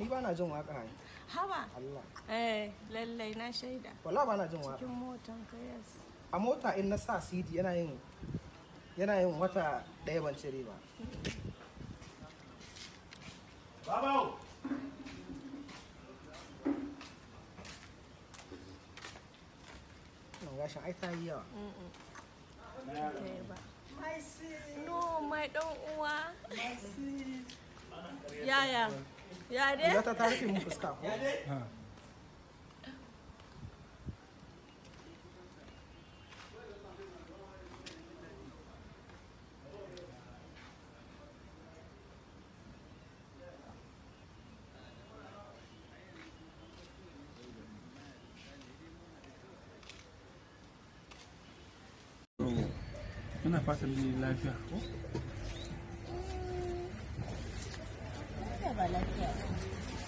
ni ba na jin waka ne haba Allah eh lalle na shaida wallahi ba na jin waka cikin motan ka yes a mota in na sa CD yana yin yana yin wata daya ban cire ba babau nan gashin ai ta yi yawa no mai dan uwa yaya Ya ada. Dia tak tarik muka sekarang. Ya ada. Ha. Kenapa pasal beli live aku? Ya? Hmm. Kenapa lagi?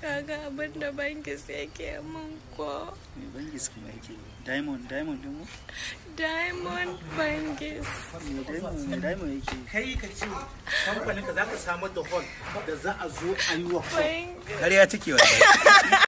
kaga abin da bankis yake mun ko me bankis kuma yake diamond diamond din mu diamond bankis diamond diamond yake kai ka ce kamfanin ka zaka samar da hall da za a zo a yi wa kariya take wa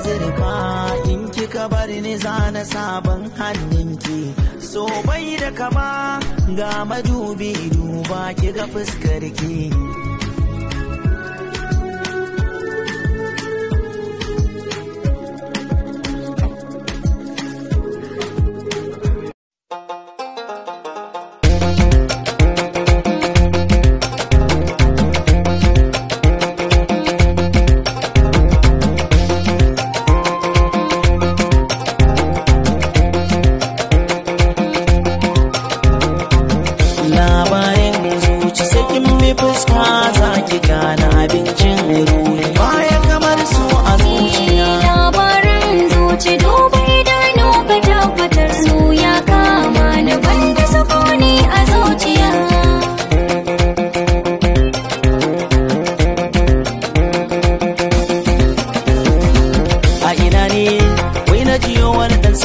azurfa in kika bari ni zana sabon hannunki so bai da kama ga madubi duba kiga fuskarki kin bi fuska za ki gane abincin ruhi baya kamar su a zuciya Labarin zuci dubai idanu ka tabbatar su ya kama na banda sukuni a zuciya a ina ne wai na jiyo wani dan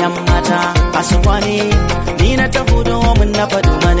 yan mata a su kwane ni na tafi domin na faɗi